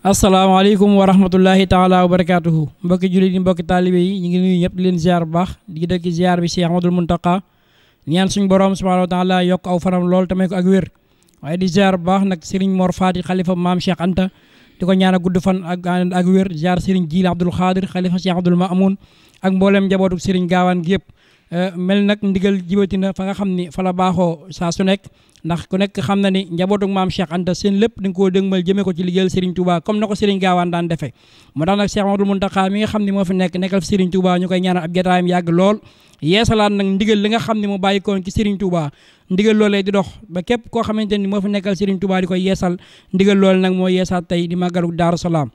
asalaamaaleykum wa rahmatullahi taala wa barakaatuhu mbokki jullit yi mbokki taalibe yi ñu ngi nuyu ñëpp di leen ziar bu baax di dëkk ziar bi Cheikh Ahmadul Muntaqa ñaan suñu borom subhanahu wa taala yokk aw fanam lool tamay ko ak wér waaye di ziar bu baax nag Serigne Mor Fati xalifa maam Cheikh Anta di ko ñaan a gudd fan ak ak wér ziar Serigne Jiil Abdul Xaadir xalifa Cheikh Abdul Maamoun ak mboolem njabootu Serigne Gaawaan gi yëpp Eh, mel nag ndigal jibatina fa nga xam ni fa la baaxoo saa su nekk ndax ku nekk xam na ni njabootu maam Cheikh Anta seen lépp da nga koo dëgmal jëmee ko ci liggéeyal Serigne Touba comme na ko Serigne Gaawaan daan defee moo tax nag Cheikh Mamadou Mountakha mi nga xam fi nekk nekkal fi Serigne Touba ñu koy ñaanal ab jotaayam yàgg lool yeesalaat nag ndigal li nga xam ne mu bàyyikoon ci ndigal loolee di dox ba képp koo xamante ni moo fi nekkal Serigne Touba di koy yeesal ndigal loolu nag moo yeesaat tey di màggalu Daaru Salaam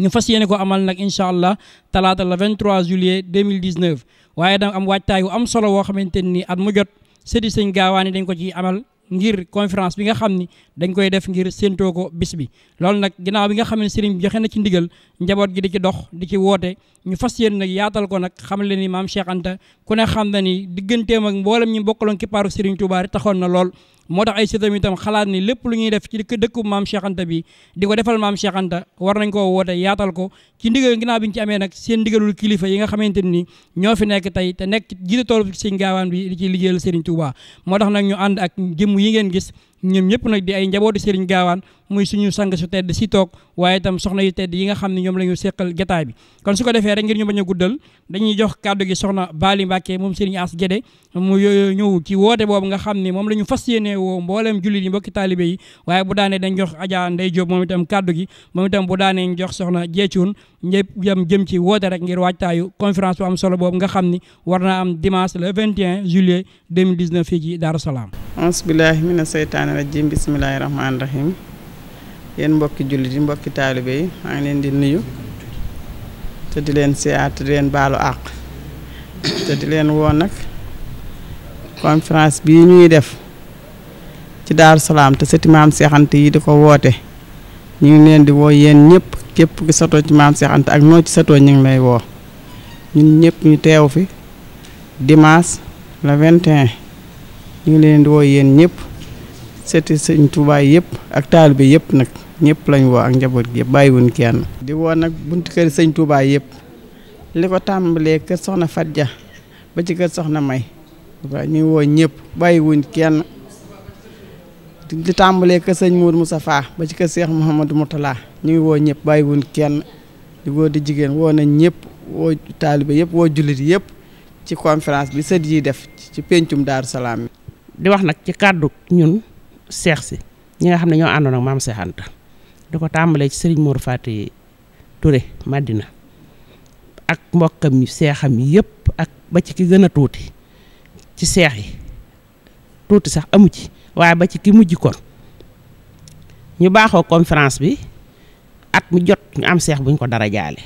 ñu fas yéene ko amal nag incha allah talaata la 23 juillet 2019 waaye da am waajtaay wu am solo woo xamante ni at mu jot sëdi sëñ gaawaani dañ ko ci amal ngir conférence bi nga xam ni dañ koy def ngir séentoo ko bis bi loolu nag ginnaaw bi nga xam ne sëriñ joxe na ci ndigal njaboot gi di ci dox di ci woote ñu fas yéene nag yaatal ko nag xam la ni maam Cheikh Anta ku ne xam na ni digganteem ak mboolem ñi bokkaloon kippaaru sëriñ Tuubaa taxoon na lool moo tax ay sëtam itam xalaat ni lépp lu ñuy def ci dëkku maam Cheikh Anta bi di ko defal maam Cheikh war nañ koo woote yaatal ko ci ndigal ginnaaw bi ñu ci amee nag seen ndigalul kilifa yi nga xamante ni ñoo fi nekk tey te nekk jiite toolu si gaawaan bi di ci liggéeyal Serigne Touba moo tax nag ñu ànd ak jëmm yi ngeen gis ñoom ñëpp nag di ay njabootu Serigne Gaawaan muy suñu sang su tedd si toog waaye itam soxna yu tedd yi nga xam ne ñoom la ñu seqal bi kon su ko defee rek ngir ñu bañ a guddal dañuy jox kàddu gi soxna Baali Mbàkke moom Serigne As Gédé ñëw ci woote boobu nga xam ne moom la ñu fas yéene woo mbooleem jullit yi mbokki taalibe yi waaye bu daanee dañ jox Adja Ndey Jóob moom itam kàddu gi moom itam bu daanee ñu jox soxna Jeecuun ñëpp yam jëm ci woote rek ngir waajtaayu conférence bu am solo boobu nga xam ne war naa am dimanche le 21 juillet 2019 fii ci Daaru Salaam ansbillahi mina seytaani rajim bisimilahi rahmaani rahim yéen mbokki jullit yi mbokki taalibe yi maa ngi leen di nuyu te di leen siyaat di leen baalu àq te di leen woon nag conférence bii ñuy def ci Daaru Salaam te sëti maam Seex yi di ko woote ñu ngi leen di woo yéen ñëpp képp ki ci maam Seex ak noo ci satoo ñu ngi lay woo ñun ñëpp ñu teew fi dimanche le 21 ñu ngi leen di woo yéen ñëpp seeti sëñ yëpp ak taalibe yëpp nag ñëpp lañ woo ak njaboot gi bàyyiwuñ kenn. di woo nag buntu kër sëñ Tuubaa yëpp li ko tàmbalee kër soxna Fadja ba ci kër soxna May waaw ñu ngi woo ñëpp bàyyiwuñ kenn di tàmbalee kër sëñ Mourou Moustapha ba ci kër Cheikh Mouhamadou woo ñëpp bàyyiwuñ kenn di di jigéen woo nañ ñëpp woo taalibe yëpp woo jullit yëpp ci conférence bi sët yi def ci pencum Daaru Salaam di wax nag ci kàddu ñun seex si ñi nga xam ne ñoo àndoon ak maam Seex di ko tàmbalee ci sëriñ Mor Faty ture màddina ak mbokkam yu seexam yëpp ak ba ci ki gën tuuti ci seex yi tuuti sax amu ci waaye ba ci ki mujj kon ñu baaxoo conférence bi at mu jot ñu am seex buñ ko dara jaale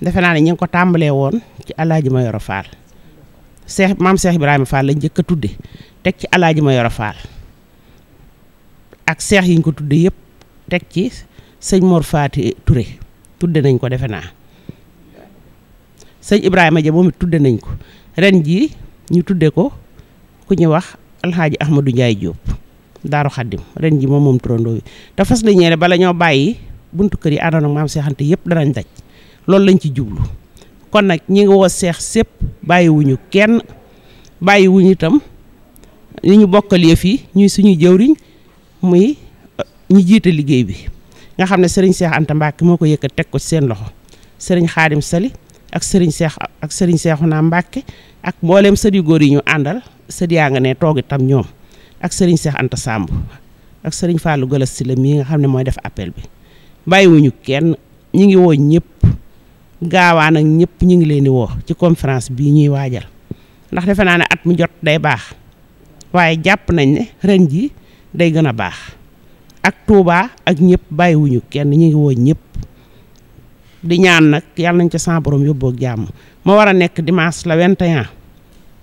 defe naa ne ñu ngi ko tàmbalee woon ci alaaji Mayoro Fall seex maam Seex Ibrahima Fall lañ njëkk a tudde teg ci alaaji Mayoro Fall ak seex yiñ ko tudde yëpp teg ci sëñ Mor Faati Touré tudde nañ ko defe naa sëñ Ibrahima ja moom it tudde nañ ko ren ji ñu tudde ko ku ñu wax alxaaji Ahmadou Ndiaye Diop daaru xaddim ren ji moom moom turandoo bi te fas la ñeene bala ñoo bàyyi buntu kër yi àndoon ak maam seexante yëpp danañ daj loolu lañ ci jublu kon nag ñi ngi woo seex sépp bàyyiwuñu kenn bàyyiwuñu itam li ñu bokkal yëf yi ñuy suñuy jëwriñ muy uh, ñu jiite liggéey bi nga xam ne sëriñ Cheikh Anta Mbacke moo ko yëkkat teg ko ci seen loxo sëriñ Xaadim Sali ak sëriñ Cheikh ak sëriñ Cheikhouna Mbacke ak mbooleem sët yu góor yi ñu àndal sët yaa nga ne toog itam ñoom ak sëriñ seex Anta Samb ak sëriñ Fallou Galas si la yi nga xam ne mooy def appel bi bàyyiwuñu kenn ñi ngi woo ñëpp gaawaan ak ñëpp ñi ngi leen di woo ci conférence bii ñuy waajal ndax defe naa ne at mu jot day baax waaye jàpp nañ ne ren ji day gën a baax ak Touba ak ñëpp bàyyiwuñu kenn ñu ngi woo ñëpp di ñaan nag yàlla nañ ca sa borom yóbboo jàmm ma war a nekk dimanche la 21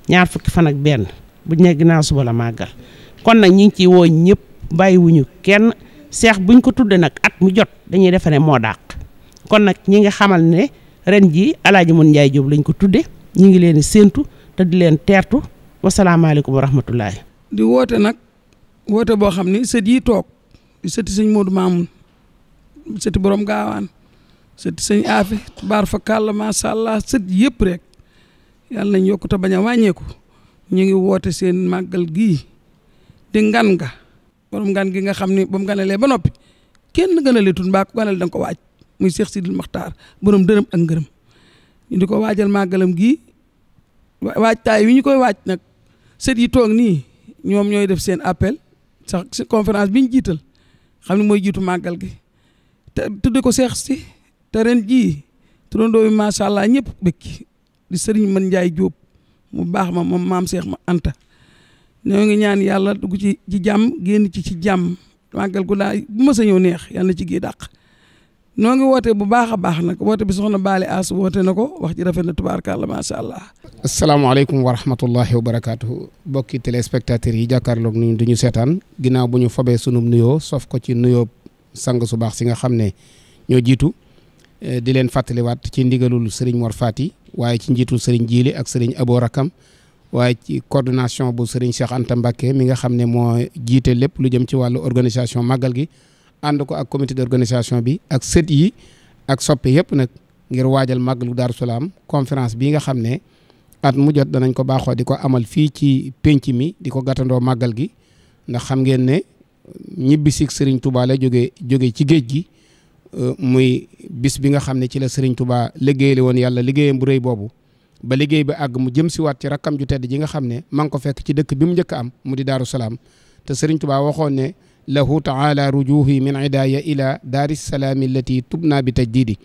ñaar fukki fan ak benn bu ñu ne ginnaaw suba la màggal kon nag ñu ngi ciy woo ñëpp bàyyiwuñu kenn seex buñ ko tuddee nag at mu jot dañuy defe ne moo dàq kon nag ñi nga xamal ne ren jii Alaaji Mun Njaay Jóob lañ ko tudde ñu ngi leen di séentu te di leen teertu wasalaamaaleykum wa rahmatullahi di woote nag woote boo xam ni sët yi toog di sëti sëñ Modou Mamoun sëti borom gaawaan sëti sëñ Afe baar fa kàll macha allah sët yëpp rek yàlla nañ yokkute bañ a wàññeeku ñu ngi woote seen màggal gii di ngan ga borom ngan gi nga xam ni ba mu ganalee ba noppi kenn ganalee tun mbaa ku ganale ko waaj muy Cheikh Sidil Makhtar borom dërëm ak ngërëm ñu ko waajal màggalam gii waajtaay wi ñu koy waaj nag sët yi toog nii ñoom ñooy def seen appel sax si conférence bi ñu jiital xam ne mooy jiitu màggal gi te tudde ko seex si te ren jii turandoo bi macha allah ñëpp bëkki di sëriñ mën njaay jóob mu baax ma moom maam seex ma anta ñoo ngi ñaan yàlla dugg ci ci jàmm génn ci ci jàmm màggal gu laa bu ma sa ñëw neex yàlla na ci gii dàq noo ngi woote bu baax a baax nag woote bi soxna baale Baali As woote na ko wax ji rafet na tubaarkàlla macha allah. asalaamaaleykum wa rahmatullahi wa barakaatu mbokki téléspectateurs yi jàkkaarloog ñu du ñu seetaan ginnaaw bu ñu fobee sunu nuyoo sof ko ci nuyoo sang su baax si nga xam ne ñoo jiitu eh, di leen fàttaliwaat ci ndigalul Serigne Mor faati waaye ci njiitu sëriñ Jiili ak Serigne Abo Rakam waaye ci coordination bu Serigne Cheikh Anta Mbacké mi nga xam ne moo jiite lépp lu jëm ci wàllu organisation màggal gi. ànd ko ak comité d'organisation bi ak sët yi ak soppe yëpp nag ngir waajal màggalu Daaru Salaam conférence bii nga xam ne at mu jot danañ ko baaxoo di ko amal fii ci penc mi di ko gàttandoo màggal gi ndax xam ngeen ne ñibbi si sëriñ tubaa la jóge jóge ci géej gi euh, muy bis bi nga xam ne ci la Serigne Touba liggéeyale woon yàlla liggéeyam bu rëy boobu ba liggéey bi àgg mu jëm si waat ci rakkam ju tedd ji nga xam ne ma ngi ko fekk ci dëkk bi mu njëkk am mu di Daaru lahu taala rujuhi min idaaya ila daarissalaami allati tubna bi tajdiidi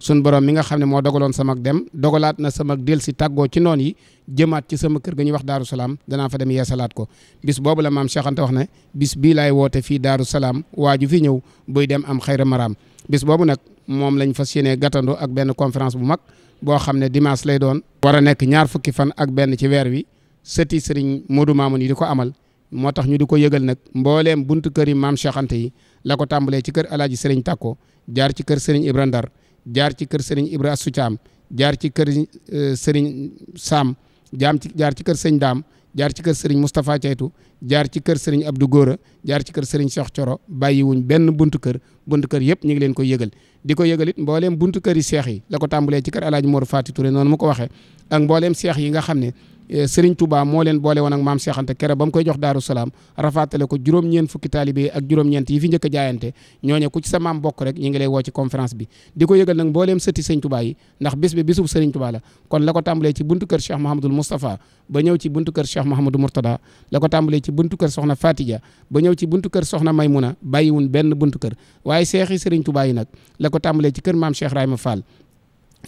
sun borom mi nga xam ne moo dogaloon samak dem dogalaat na samak del tàggoo ci noon yi jëmaat ci sama kër ga ñuy wax daaru salaam danaa fa dem yeesalaat ko bis boobu la maam Cheikh Anta wax ne bis bii lay woote fii daaru salaam waa ju fi ñëw buy dem am xayra maraam bis boobu nag moom lañ fa yéenee gàttandoo ak benn conférence bu mag boo xam ne dimanche lay doon war a nekk ñaar fukki fan ak benn ci weer wi sëti sëriñ Modou Mamoun yi di ko amal moo tax ñu di ko yëgal nag mbooleem buntu kër yi maam Cheikh yi la ko tàmbalee ci kër alaaji sëriñ Takko jaar ci kër sëriñ Ibra Ndar jaar ci kër sëriñ Ibra Sucaam jaar ci kër euh, sëriñ Saam jaam ci jaar ci kër sëñ Daam jaar ci kër sëriñ Moustapha Caytu jaar ci kër sëriñ Abdou Góora jaar ci kër sëriñ Cheikh Coro bàyyiwuñ benn buntu kër buntu kër yëpp ñu ngi leen koy yëgal di ko yëgal it mbooleem buntu kër yi seex yi la ko tàmbalee ci kër alaaji Mor Faati Touré noonu mu ko waxee ak mbooleem seex yi nga xam ne Eh, Serigne tubaa moo leen boole woon ak maam Cheikh Anta kere ba mu koy jox Daaru Salaam rafaatale ko juróom-ñeent fukki taalibe ak juróom-ñeent yi fi njëkk a jaayante ñooñe ku ci sa maam bokk rek ñu ngi lay woo ci conférence bi di ko yëgal nag mbooleem sëti Serigne Touba yi ndax bis bi bisub Serigne Touba la kon la ko tàmbalee ci buntu kër Cheikh Mahamadul Moustapha ba ñëw ci buntu kër Cheikh Mahamadou Mourtada la ko tàmbalee ci buntu kër Soxna Fatidia ba ñëw ci buntu kër Soxna Maymuna bàyyiwun benn buntu kër waaye seexi Serigne Touba yi nag la ko tàmbalee ci kër maam Cheikh Rahima Fall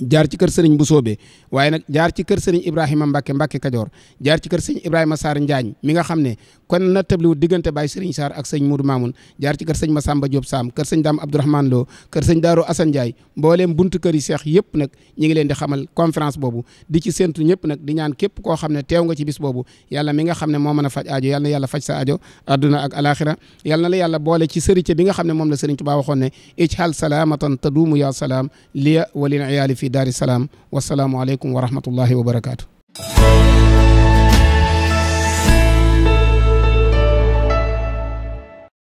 jaar ci kër sëriñ bu soobee waaye nag jaar ci kër sëriñ Ibrahima Mbacke Mbacke Kajoor jaar ci kër sëriñ Ibrahima Sarr Njaañ mi nga xam ne kon nattabliwul diggante Baye Serigne Sarr ak sëñ Modou Mamoun jaar ci kër sëñ Massamba Diop Sam kër sëñ Dame Abdourahmane Lo kër sëñ Daaru Assane Ndiaye mbooleem buntu kër yi seex yëpp nag ñi ngi leen di xamal conférence boobu di ci séntu ñëpp nag di ñaan képp koo xam ne teew nga ci bis boobu yàlla mi nga xam ne moo mën a faj aajo yàlla na yàlla faj sa aajo adduna ak alaxira yalla na la yàlla boole ci sërite bi nga xam ne moom la Serigne Touba waxoon ne ijhal salamatan taduumu ya salaam liya walin iyaali fi daari salaam wasalaamu aleykum wa rahmatullahi wa barakatu